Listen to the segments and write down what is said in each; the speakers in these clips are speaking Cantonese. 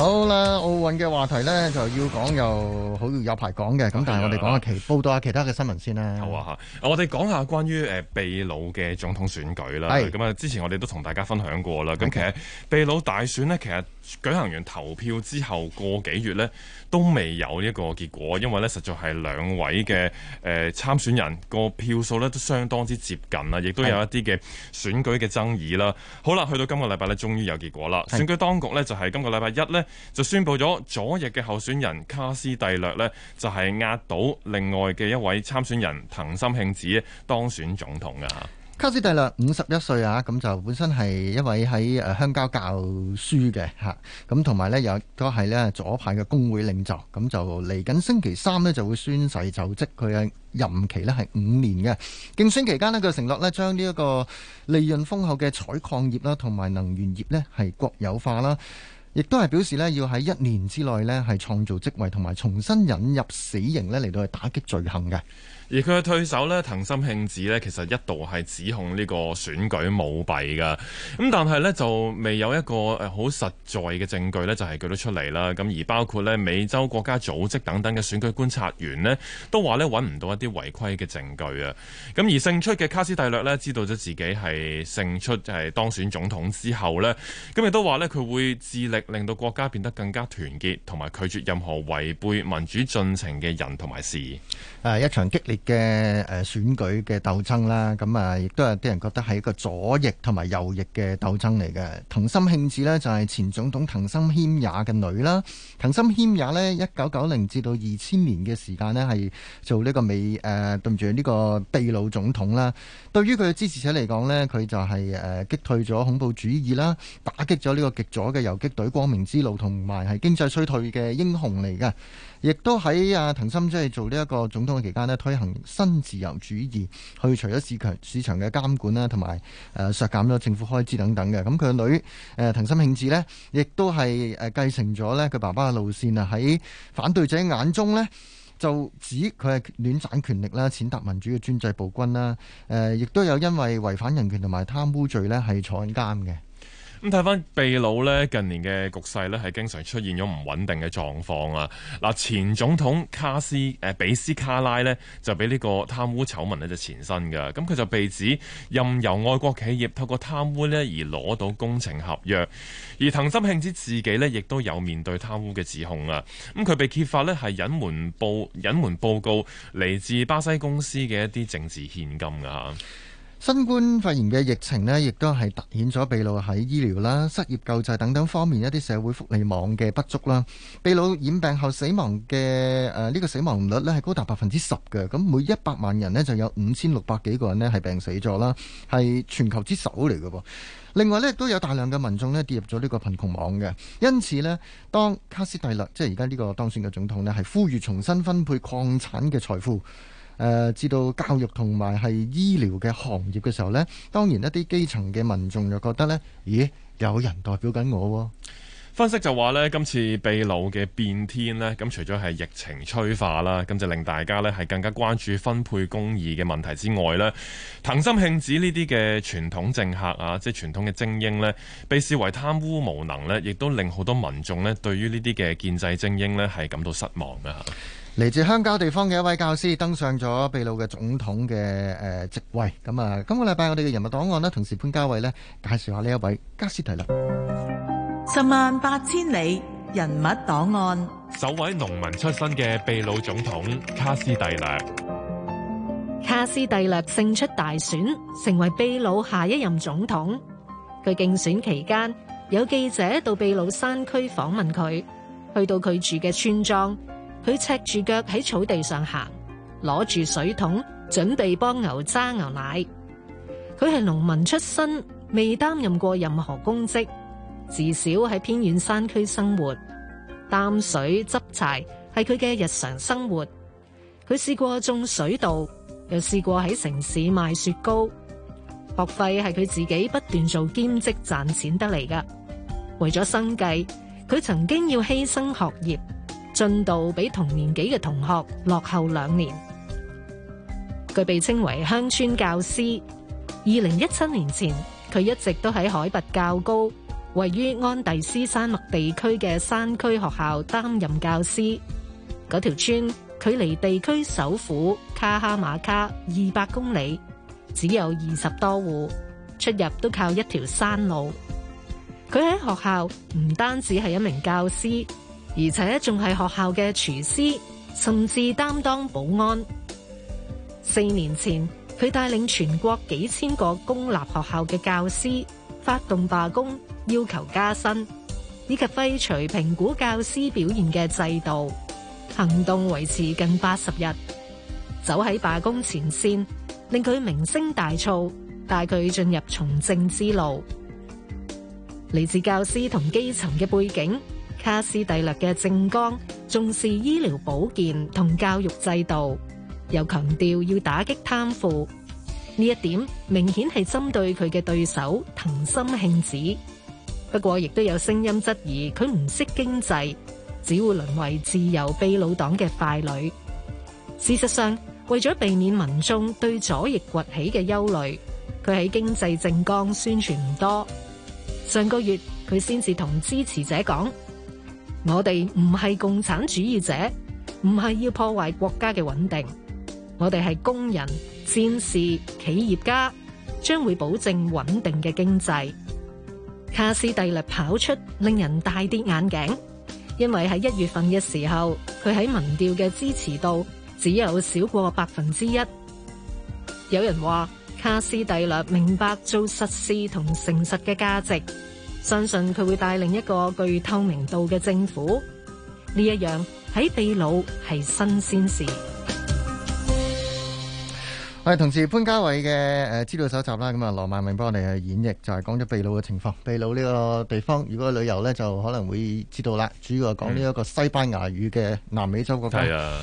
好啦，奧運嘅話題咧就要講，又好有排講嘅，咁的但係我哋講下其報道下其他嘅新聞先啦。好啊，我哋講下關於誒秘魯嘅總統選舉啦。係的，咁啊，之前我哋都同大家分享過啦。咁的其實秘魯大選咧，其實。舉行完投票之後，個幾月呢都未有一個結果，因為呢實在係兩位嘅誒、呃、參選人個票數呢都相當之接近啊，亦都有一啲嘅選舉嘅爭議啦。的好啦，去到今個禮拜呢終於有結果啦。的選舉當局呢，就係、是、今個禮拜一呢，就宣布咗左翼嘅候選人卡斯蒂略呢，就係、是、壓倒另外嘅一位參選人藤森慶子當選總統。卡斯蒂略五十一歲啊，咁就本身係一位喺誒鄉郊教書嘅吓，咁同埋呢，又都係呢左派嘅工會領袖，咁就嚟緊星期三呢，就會宣誓就職，佢嘅任期呢係五年嘅。競選期間呢，佢承諾呢，將呢一個利潤豐厚嘅採礦業啦，同埋能源業呢係國有化啦，亦都係表示呢，要喺一年之內呢，係創造職位同埋重新引入死刑呢，嚟到去打擊罪行嘅。而佢嘅退守呢，藤森慶子呢，其實一度係指控呢個選舉舞弊噶，咁但係呢，就未有一個誒好實在嘅證據呢，就係、是、舉得出嚟啦。咁而包括呢美洲國家組織等等嘅選舉觀察員呢，都話呢，揾唔到一啲違規嘅證據啊。咁而勝出嘅卡斯蒂略呢，知道咗自己係勝出係、就是、當選總統之後呢，咁亦都話呢，佢會致力令到國家變得更加團結同埋拒絕任何違背民主進程嘅人同埋事。誒、啊，一場激烈嘅誒、呃、選舉嘅鬥爭啦，咁啊，亦都有啲人覺得係一個左翼同埋右翼嘅鬥爭嚟嘅。藤森慶子呢，就係、是、前總統藤森謙也嘅女啦。藤森謙也呢，一九九零至到二千年嘅時間呢，係做呢個美誒、呃、對唔住呢個秘魯總統啦。對於佢嘅支持者嚟講呢，佢就係、是、誒、呃、擊退咗恐怖主義啦，打擊咗呢個極左嘅遊擊隊光明之路，同埋係經濟衰退嘅英雄嚟嘅。亦都喺阿藤森即係做呢一個總統嘅期間呢，推行新自由主義，去除咗市場市場嘅監管啦，同埋誒削減咗政府開支等等嘅。咁佢個女誒藤森慶治呢，亦都係誒繼承咗呢佢爸爸嘅路線啊。喺反對者眼中呢，就指佢係亂攢權力啦、踐踏民主嘅專制暴君啦。亦都有因為違反人權同埋貪污罪呢係坐監嘅。咁睇翻秘魯呢，近年嘅局勢呢，係經常出現咗唔穩定嘅狀況啊！嗱，前總統卡斯、誒、呃、比斯卡拉呢就俾呢個貪污醜聞呢就纏身㗎。咁佢就被指任由外國企業透過貪污呢而攞到工程合約，而藤森慶之自己呢亦都有面對貪污嘅指控啊！咁佢被揭發呢，係隱瞞報隱瞞報告嚟自巴西公司嘅一啲政治獻金嘅新冠肺炎嘅疫情呢，亦都係凸顯咗秘魯喺醫療啦、失業救濟等等方面一啲社會福利網嘅不足啦。秘魯染病後死亡嘅誒呢個死亡率呢，係高達百分之十嘅，咁每一百萬人呢，就有五千六百幾個人呢，係病死咗啦，係全球之首嚟㗎喎。另外呢，亦都有大量嘅民眾呢，跌入咗呢個貧窮網嘅，因此呢，當卡斯蒂略，即係而家呢個當選嘅總統呢，係呼籲重新分配礦產嘅財富。誒知道教育同埋係醫療嘅行業嘅時候呢，當然一啲基層嘅民眾就覺得呢，咦，有人代表緊我？分析就話呢，今次秘魯嘅變天呢，咁除咗係疫情催化啦，咁就令大家呢係更加關注分配公義嘅問題之外呢，藤森慶子呢啲嘅傳統政客啊，即係傳統嘅精英呢，被視為貪污無能呢，亦都令好多民眾呢對於呢啲嘅建制精英呢係感到失望嘅。嚟自鄉郊地方嘅一位教師登上咗秘魯嘅總統嘅誒、呃、職位，咁啊，今個禮拜我哋嘅人物檔案咧，同時潘家偉咧介紹下呢一位卡斯蒂略。十萬八千里人物檔案，首位農民出身嘅秘魯總統卡斯蒂略。卡斯蒂略勝出大選，成為秘魯下一任總統。佢競選期間，有記者到秘魯山區訪問佢，去到佢住嘅村莊。佢赤住腳喺草地上行，攞住水桶，準備幫牛揸牛奶。佢係農民出身，未擔任過任何公職，至少喺偏遠山區生活，擔水執柴係佢嘅日常生活。佢試過種水稻，又試過喺城市賣雪糕。學費係佢自己不斷做兼職賺錢得嚟噶。為咗生計，佢曾經要犧牲學業。進度比同年紀嘅同學落後兩年。佢被稱為鄉村教師。二零一七年前，佢一直都喺海拔較高、位於安第斯山脈地區嘅山區學校擔任教師。嗰條村距離地區首府卡哈馬卡二百公里，只有二十多戶，出入都靠一條山路。佢喺學校唔單止係一名教師。而且仲係學校嘅廚師，甚至擔當保安。四年前，佢帶領全國幾千個公立學校嘅教師發動罷工，要求加薪以及廢除評估教師表現嘅制度，行動維持近八十日，走喺罷工前線，令佢名聲大噪，帶佢進入從政之路。嚟自教師同基層嘅背景。卡斯蒂略嘅政綱重視醫療保健同教育制度，又強調要打擊貪腐。呢一點明顯係針對佢嘅對手藤森慶子。不過，亦都有聲音質疑佢唔識經濟，只會淪為自由秘魯黨嘅傀儡。事實上，為咗避免民眾對左翼崛起嘅憂慮，佢喺經濟政綱宣傳唔多。上個月，佢先至同支持者講。我哋唔係共產主義者，唔係要破壞國家嘅穩定。我哋係工人、戰士、企業家，將會保證穩定嘅經濟。卡斯蒂略跑出令人大跌眼鏡，因為喺一月份嘅時候，佢喺民調嘅支持度只有少過百分之一。有人話，卡斯蒂略明白做實事同誠實嘅價值。相信佢會帶領一個具透明度嘅政府，呢一樣喺秘魯係新鮮事。係同時潘家偉嘅誒資料搜集啦，咁啊羅萬明幫我哋演繹就係講咗秘魯嘅情況。秘魯呢個地方，如果旅遊咧就可能會知道啦。主要係講呢一個西班牙語嘅南美洲國家。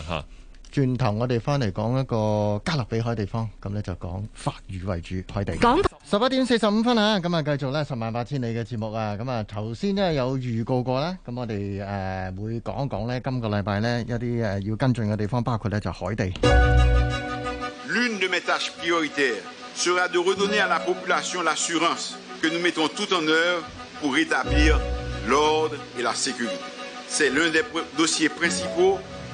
嗯。轉頭，我哋翻嚟講一個加勒比海地方，咁呢就講法語為主，海地。講十一點四十五分啊！咁啊，繼續呢十萬八千里嘅節目啊！咁啊，頭先呢有預告過啦，咁我哋誒會講一講呢，今個禮拜呢一啲誒要跟進嘅地方，包括呢就海地。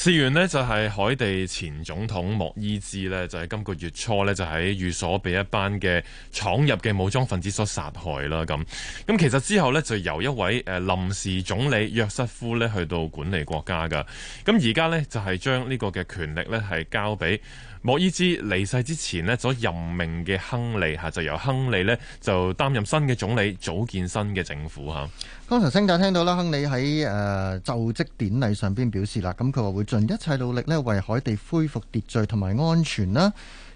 事緣呢就係海地前總統莫伊茲呢就係今個月初呢就喺寓所俾一班嘅闖入嘅武裝分子所殺害啦咁，咁其實之後呢，就由一位誒臨時總理約瑟夫呢去到管理國家噶，咁而家呢，就係將呢個嘅權力呢係交俾。莫伊茲離世之前呢，所任命嘅亨利吓，就由亨利呢就擔任新嘅總理，組建新嘅政府吓。剛才先就聽到啦，亨利喺誒就職典禮上邊表示啦，咁佢話會盡一切努力呢，為海地恢復秩序同埋安全啦。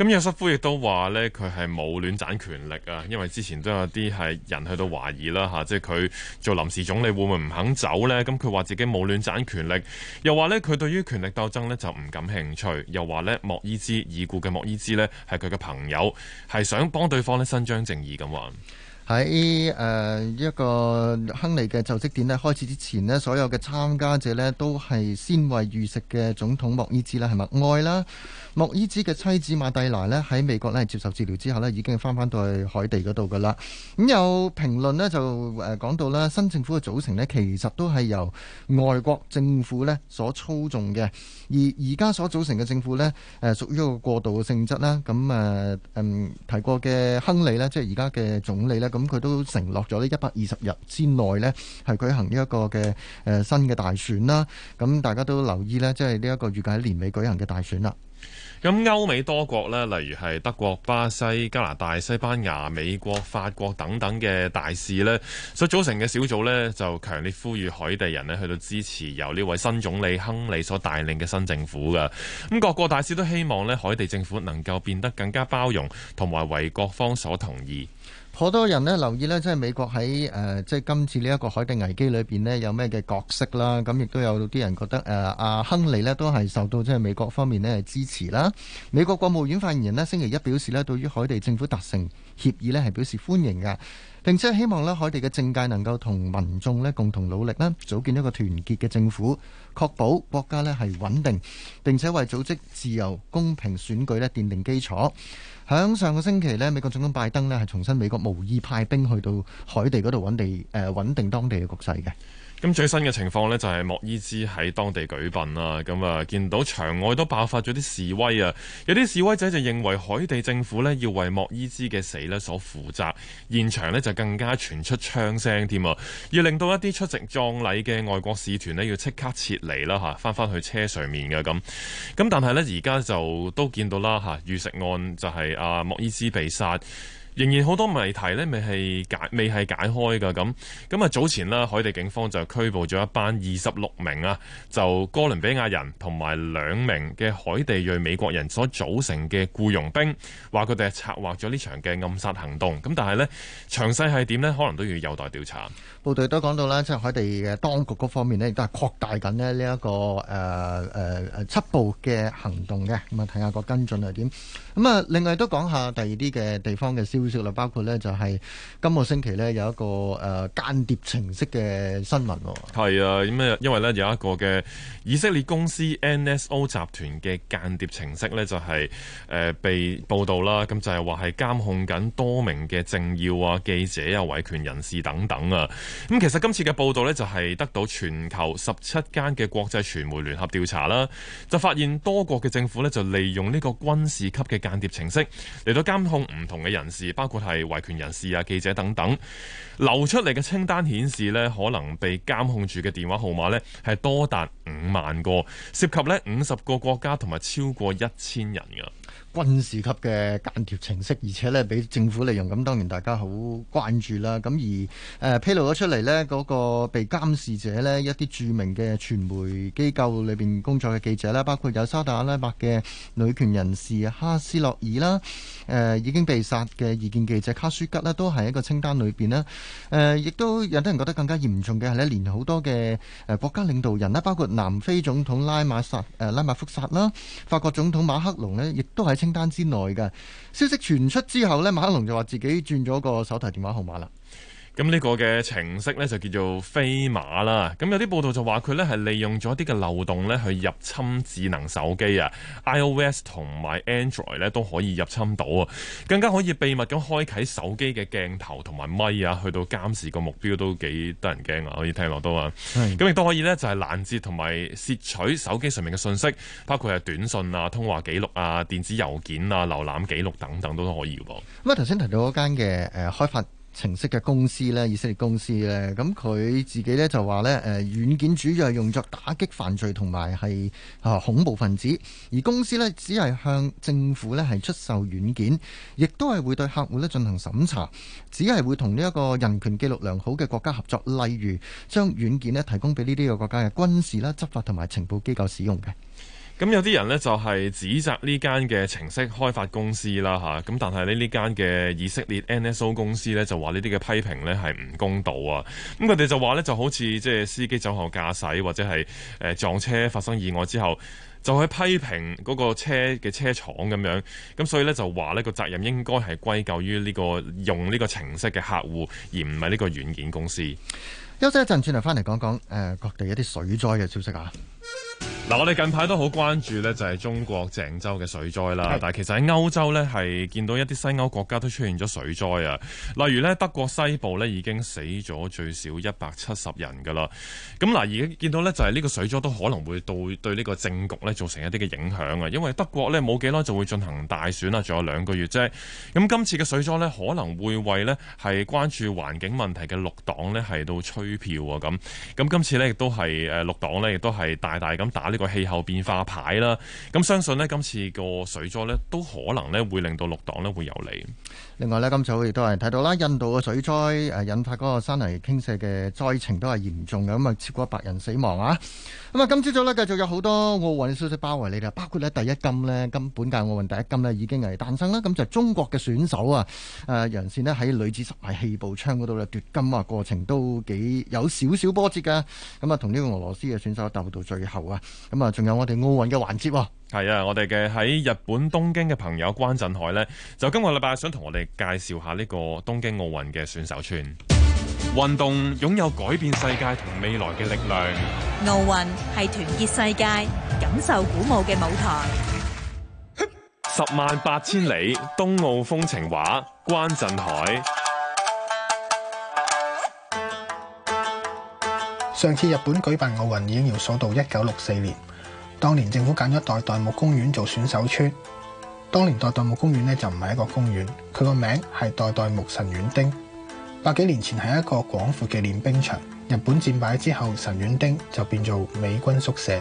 咁約瑟夫亦都話咧，佢係冇戀棧權力啊，因為之前都有啲係人去到懷疑啦吓、啊，即係佢做臨時總理會唔會唔肯走呢？咁佢話自己冇戀棧權力，又話咧佢對於權力鬥爭咧就唔感興趣，又話咧莫伊茲已故嘅莫伊茲呢係佢嘅朋友，係想幫對方咧伸張正義咁話。喺誒、呃、一個亨利嘅就職典禮開始之前咧，所有嘅參加者咧都係先為遇弒嘅總統莫伊茲啦，係嘛？外啦，莫伊茲嘅妻子馬蒂娜咧喺美國咧接受治療之後咧，已經翻翻到去海地度噶啦。咁、嗯、有評論咧就誒、呃、講到啦新政府嘅組成咧其實都係由外國政府咧所操縱嘅，而而家所組成嘅政府咧誒、呃、屬於一個過渡嘅性質啦。咁誒嗯提過嘅亨利咧，即係而家嘅總理咧咁佢都承諾咗呢一百二十日之內呢，係舉行呢一個嘅誒、呃、新嘅大選啦。咁大家都留意呢，即係呢一個預計喺年尾舉行嘅大選啦。咁歐美多國呢，例如係德國、巴西、加拿大、西班牙、美國、法國等等嘅大使呢所組成嘅小組呢，就強烈呼籲海地人呢去到支持由呢位新總理亨利所帶領嘅新政府噶。咁各國大使都希望呢，海地政府能夠變得更加包容，同埋為各方所同意。好多人呢留意呢，即係美國喺誒，即係今次呢一個海地危機裏邊呢，有咩嘅角色啦？咁亦都有啲人覺得誒，阿、啊、亨利呢都係受到即係美國方面呢支持啦。美國國務院發言人呢星期一表示呢，對於海地政府達成協議呢係表示歡迎㗎，並且希望呢海地嘅政界能夠同民眾呢共同努力啦，組建一個團結嘅政府，確保國家呢係穩定，並且為組織自由公平選舉呢奠定基礎。響上個星期呢，美國總統拜登呢係重申美國無意派兵去到海地嗰度穩定，誒，穩定當地嘅局勢嘅。咁最新嘅情況呢，就係莫伊茲喺當地舉殯啦，咁啊見到場外都爆發咗啲示威啊，有啲示威者就認為海地政府呢，要為莫伊茲嘅死呢所負責，現場呢，就更加傳出槍聲添啊，要令到一啲出席葬禮嘅外國使團呢，要即刻撤離啦返翻翻去車上面嘅咁，咁但係呢，而家就都見到啦嚇，遇刺案就係莫伊茲被殺。仍然好多謎題咧，未係解，未係解開的，㗎。咁咁啊，早前啦，海地警方就拘捕咗一班二十六名啊，就哥倫比亞人同埋兩名嘅海地裔美國人所組成嘅僱傭兵，話，佢哋係策劃咗呢場嘅暗殺行動，咁但係咧，詳細係點咧，可能都要有待調查。部隊都講到啦，即係海地嘅當局方面咧，亦都係擴大緊咧呢一個誒誒誒緝捕嘅行動嘅。咁啊，睇下個跟進係點，咁啊，另外都講下第二啲嘅地方嘅消息。消息啦，包括咧就係今個星期咧有一個誒間諜程式嘅新聞。係啊，因為咧有一個嘅以色列公司 NSO 集團嘅間諜程式咧就係、是、誒、呃、被報導啦。咁就係話係監控緊多名嘅政要啊、記者啊、維權人士等等啊。咁其實今次嘅報導咧就係得到全球十七間嘅國際傳媒聯合調查啦，就發現多國嘅政府咧就利用呢個軍事級嘅間諜程式嚟到監控唔同嘅人士。包括係維權人士啊、記者等等，流出嚟嘅清單顯示咧，可能被監控住嘅電話號碼咧，係多達五萬個，涉及咧五十個國家同埋超過一千人嘅。軍事級嘅間諜程式，而且咧俾政府利用，咁當然大家好關注啦。咁而誒披露咗出嚟呢，嗰個被監視者呢，一啲著名嘅傳媒機構裏邊工作嘅記者咧，包括有沙特阿拉伯嘅女權人士哈斯諾爾啦，誒已經被殺嘅異見記者卡舒吉啦，都係一個清單裏邊呢誒，亦都有啲人覺得更加嚴重嘅係呢，連好多嘅誒國家領導人啦，包括南非總統拉馬薩誒拉馬福薩啦，法國總統馬克龍呢。亦都喺清單之內嘅消息傳出之後呢，馬克龍就話自己轉咗個手提電話號碼啦。咁呢個嘅程式咧就叫做飛馬啦。咁有啲報道就話佢咧係利用咗一啲嘅漏洞咧去入侵智能手機啊，iOS 同埋 Android 咧都可以入侵到啊，更加可以秘密咁開啟手機嘅鏡頭同埋咪啊，去到監視個目標都幾得人驚啊！可以聽落都啊。咁亦都可以咧就係攔截同埋攝取手機上面嘅信息，包括係短信啊、通話記錄啊、電子郵件啊、瀏覽記錄等等，都可以喎。咁啊，頭先提到嗰間嘅誒開發。程式嘅公司咧，以色列公司咧，咁佢自己咧就話咧，誒軟件主要係用作打擊犯罪同埋係啊恐怖分子，而公司咧只係向政府咧係出售軟件，亦都係會對客戶咧進行審查，只係會同呢一個人權記錄良好嘅國家合作，例如將軟件咧提供俾呢啲個國家嘅軍事啦、執法同埋情報機構使用嘅。咁有啲人呢，就係、是、指責呢間嘅程式開發公司啦嚇，咁、啊、但係呢呢間嘅以色列 NSO 公司呢，就話呢啲嘅批評呢係唔公道啊！咁佢哋就話呢，就好似即係司機酒後駕駛或者係誒、呃、撞車發生意外之後，就去批評嗰個車嘅車廠咁樣，咁所以呢，就話呢個責任應該係歸咎於呢、這個用呢個程式嘅客戶，而唔係呢個軟件公司。休息一陣，轉頭翻嚟講講誒、呃、各地一啲水災嘅消息啊。嗱，我哋近排都好關注咧，就係中國鄭州嘅水災啦。但係其實喺歐洲咧，係見到一啲西歐國家都出現咗水災啊。例如咧，德國西部咧已經死咗最少一百七十人噶啦。咁嗱，而家見到咧就係呢個水災都可能會對對呢個政局咧造成一啲嘅影響啊。因為德國咧冇幾耐就會進行大選啦，仲有兩個月啫。咁今次嘅水災咧可能會為咧係關注環境問題嘅綠黨咧係度吹票啊咁。咁今次咧亦都係誒綠黨咧亦都係大大咁打呢、這個。個氣候變化牌啦，咁相信呢，今次個水災呢，都可能呢，會令到綠黨呢會有利。另外呢，今早亦都係睇到啦，印度個水災誒、啊、引發嗰個山泥傾瀉嘅災情都係嚴重嘅，咁、嗯、啊超過百人死亡啊。咁、嗯、啊今朝早呢，繼續有好多奧運消息包圍你哋，包括呢第一金呢。今本屆奧運第一金呢已經係誕生啦。咁、嗯、就是、中國嘅選手啊，誒楊倩咧喺女子十米氣步槍嗰度咧奪金啊，過程都幾有少少波折噶。咁啊同呢個俄羅斯嘅選手鬥到最後啊。咁啊，仲有我哋奧運嘅環節啊。係啊，我哋嘅喺日本東京嘅朋友關震海呢，就今個禮拜想同我哋介紹下呢個東京奧運嘅選手村。運動擁有改變世界同未來嘅力量。奧運係團結世界、感受鼓舞嘅舞台。十萬八千里東奧風情畫，關震海。上次日本舉辦奧運已經要溯到一九六四年，當年政府揀咗代代木公園做選手村。當年代代木公園咧就唔係一個公園，佢個名係代代木神園町。百幾年前係一個廣闊嘅練兵場。日本戰敗之後，神園町就變做美軍宿舍。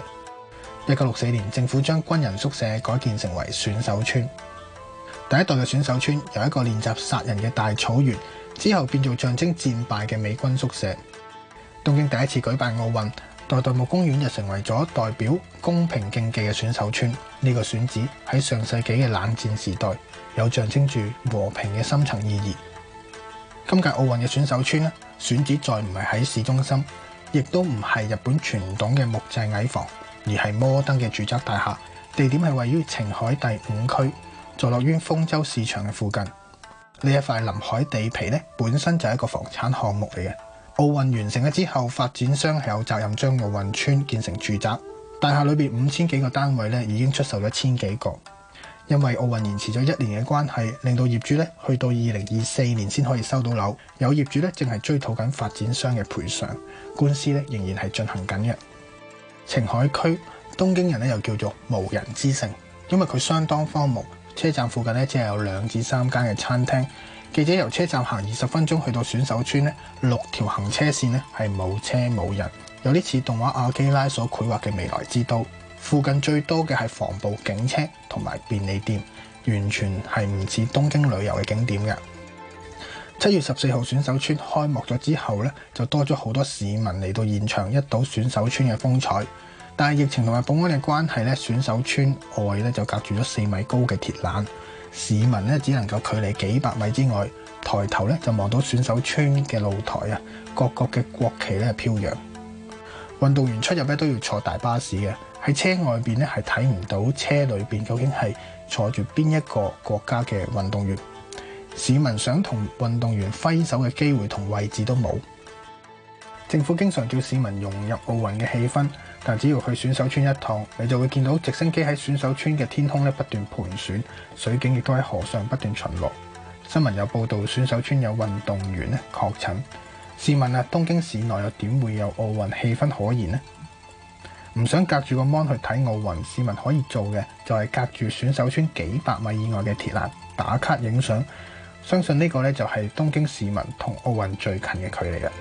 一九六四年政府將軍人宿舍改建成為選手村。第一代嘅選手村由一個練習殺人嘅大草原，之後變做象徵戰敗嘅美軍宿舍。東京第一次舉辦奧運，代代木公園就成為咗代表公平競技嘅選手村。呢個選址喺上世紀嘅冷戰時代，有象徵住和平嘅深層意義。今屆奧運嘅選手村咧，選址再唔係喺市中心，亦都唔係日本傳統嘅木製矮房，而係摩登嘅住宅大廈。地點係位於晴海第五區，坐落於豐洲市場嘅附近。呢一塊臨海地皮咧，本身就係一個房產項目嚟嘅。奧運完成咗之後，發展商係有責任將奧運村建成住宅大廈裏邊五千幾個單位咧，已經出售咗千幾個。因為奧運延遲咗一年嘅關係，令到業主咧去到二零二四年先可以收到樓。有業主咧正係追討緊發展商嘅賠償，官司咧仍然係進行緊嘅。晴海區東京人咧又叫做無人之城，因為佢相當荒蕪。車站附近咧只係有兩至三間嘅餐廳。記者由車站行二十分鐘去到選手村咧，六條行車線咧係冇車冇人，有啲似動畫阿基拉所繪畫嘅未來之都。附近最多嘅係防暴警車同埋便利店，完全係唔似東京旅遊嘅景點嘅。七月十四號選手村開幕咗之後咧，就多咗好多市民嚟到現場一睹選手村嘅風采。但係疫情同埋保安嘅關係咧，選手村外咧就隔住咗四米高嘅鐵欄。市民咧只能夠距離幾百米之外，抬頭咧就望到選手村嘅露台啊，各國嘅國旗咧飄揚。運動員出入咧都要坐大巴士嘅，喺車外邊咧係睇唔到車裏邊究竟係坐住邊一個國家嘅運動員。市民想同運動員揮手嘅機會同位置都冇。政府經常叫市民融入奧運嘅氣氛。但只要去選手村一趟，你就會見到直升機喺選手村嘅天空咧不斷盤旋，水警亦都喺河上不斷巡邏。新聞有報道選手村有運動員咧確診。試問啊，東京市內又點會有奧運氣氛可言呢？唔想隔住個芒去睇奧運，市民可以做嘅就係隔住選手村幾百米以外嘅鐵欄打卡影相。相信呢個咧就係東京市民同奧運最近嘅距離啦。